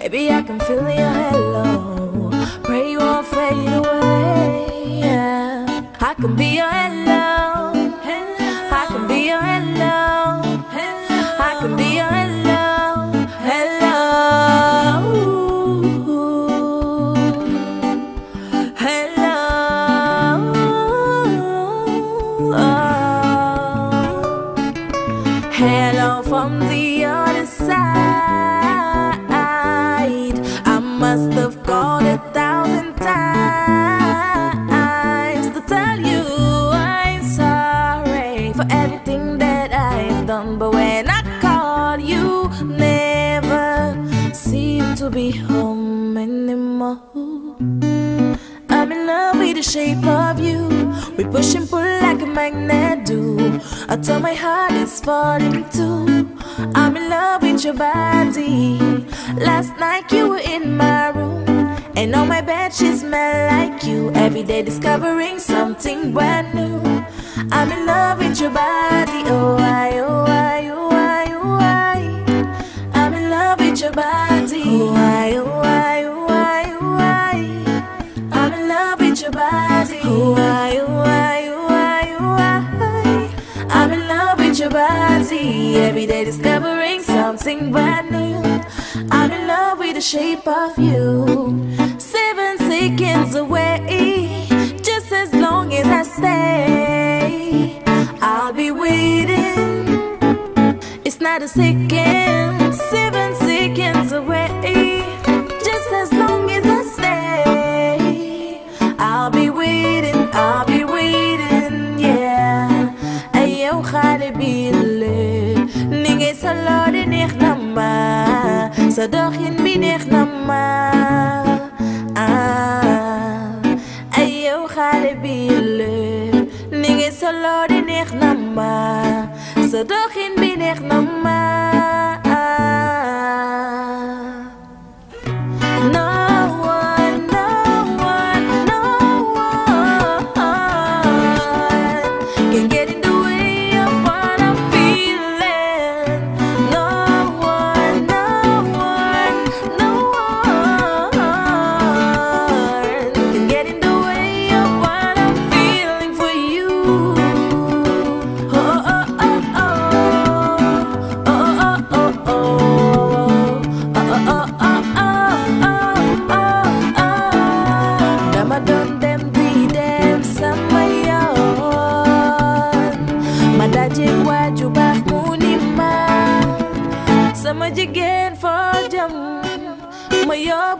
Maybe I can feel your hello. Pray you won't fade away. Yeah. I can be your Hello, I can be your I can be your Hello. Hello. Hello ah. from the other side. that I've done. But when I call, you never seem to be home anymore. I'm in love with the shape of you. We push and pull like a magnet do. I tell my heart is falling too. I'm in love with your body. Last night you were in my room. And all my bed sheets smell like you. Every day discovering something brand new. I'm in love with your body, oh I, oh I, oh I, oh I. I'm in love with your body, oh I, oh I, oh I, oh I. I'm in love with your body, oh I, oh I, oh I, oh I. I'm in love with your body, every day discovering something brand new. I'm in love with the shape of you, seven seconds away. got a second, seven seconds away. Just as long as I stay, I'll be waiting, I'll be waiting, yeah. Ay, yo, khali bile, nige salari nech namba, sadokhin bi nech namba, ah. Ay, yo, khali bile, nige salari nech namba, doch in bin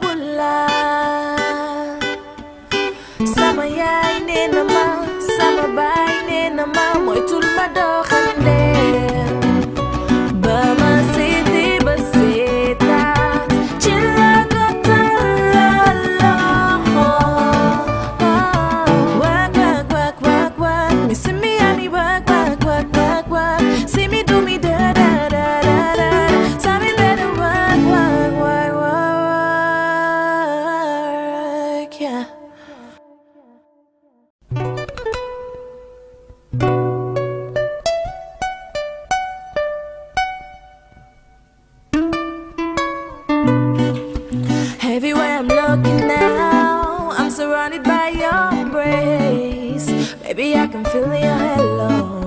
bulla sama yaay nee na ma sama baay nee na ma mooy tul ma dox surrounded by your embrace. maybe I can feel your hello.